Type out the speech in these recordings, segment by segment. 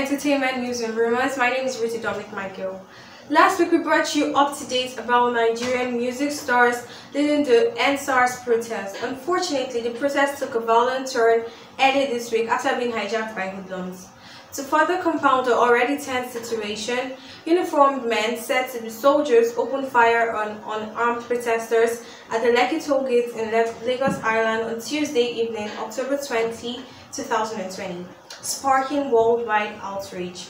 entertainment news and rumors. My name is Ruthie Dominic Michael. Last week we brought you up to date about Nigerian music stars leading the NSARS protest. Unfortunately, the protest took a violent turn early this week after being hijacked by hoodlums. To further compound the already tense situation, uniformed men said to be soldiers opened fire on unarmed protesters at the Lekki toll gate in Lagos Island on Tuesday evening, October 20, 2020 sparking worldwide outrage.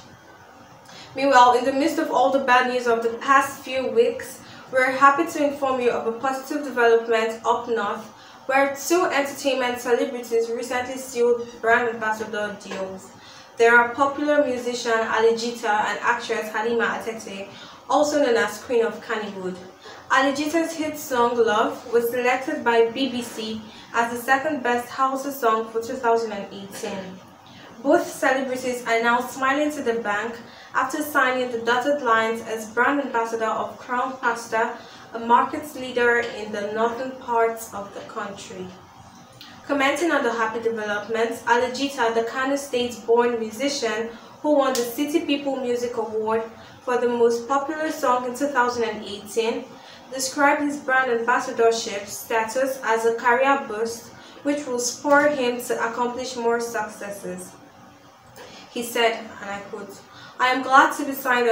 Meanwhile, in the midst of all the bad news of the past few weeks, we're happy to inform you of a positive development up north where two entertainment celebrities recently sealed brand ambassador deals. There are popular musician Alijita and actress Halima Atete, also known as Queen of Kannywood. Alijita's hit song Love was selected by BBC as the second best house song for 2018. Both celebrities are now smiling to the bank after signing the dotted lines as brand ambassador of Crown Pasta, a market leader in the northern parts of the country. Commenting on the happy developments, Alajita, the Kano State-born musician who won the City People Music Award for the most popular song in 2018, described his brand ambassadorship status as a career boost which will spur him to accomplish more successes. He said, and I quote, I am glad to be signed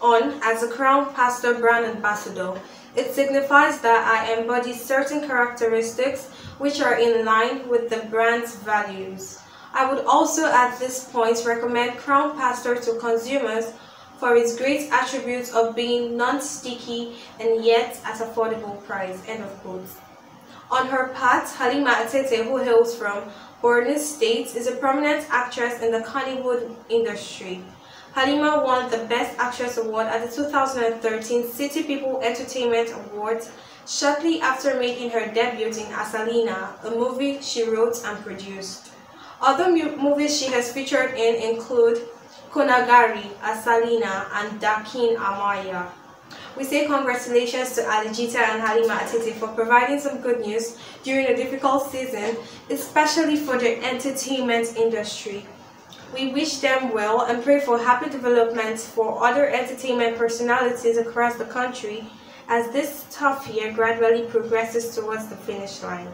on as a Crown Pastor brand ambassador. It signifies that I embody certain characteristics which are in line with the brand's values. I would also at this point recommend Crown Pastor to consumers for its great attributes of being non-sticky and yet at affordable price. End of quote. On her part, Halima Atete, who hails from Borno State, is a prominent actress in the Hollywood industry. Halima won the Best Actress Award at the 2013 City People Entertainment Awards shortly after making her debut in Asalina, a movie she wrote and produced. Other movies she has featured in include Konagari, Asalina, and Dakin Amaya. We say congratulations to Alijita and Halima Atiti for providing some good news during a difficult season, especially for the entertainment industry. We wish them well and pray for happy developments for other entertainment personalities across the country as this tough year gradually progresses towards the finish line.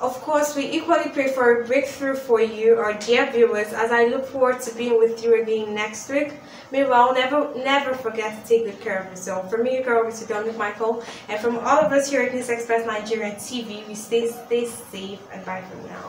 Of course, we equally pray for a breakthrough for you, our dear viewers, as I look forward to being with you again next week. Meanwhile, never never forget to take good care of yourself. From me, your girl, Mr. Dominic Michael, and from all of us here at News Express Nigeria TV, we stay, stay safe and bye for now.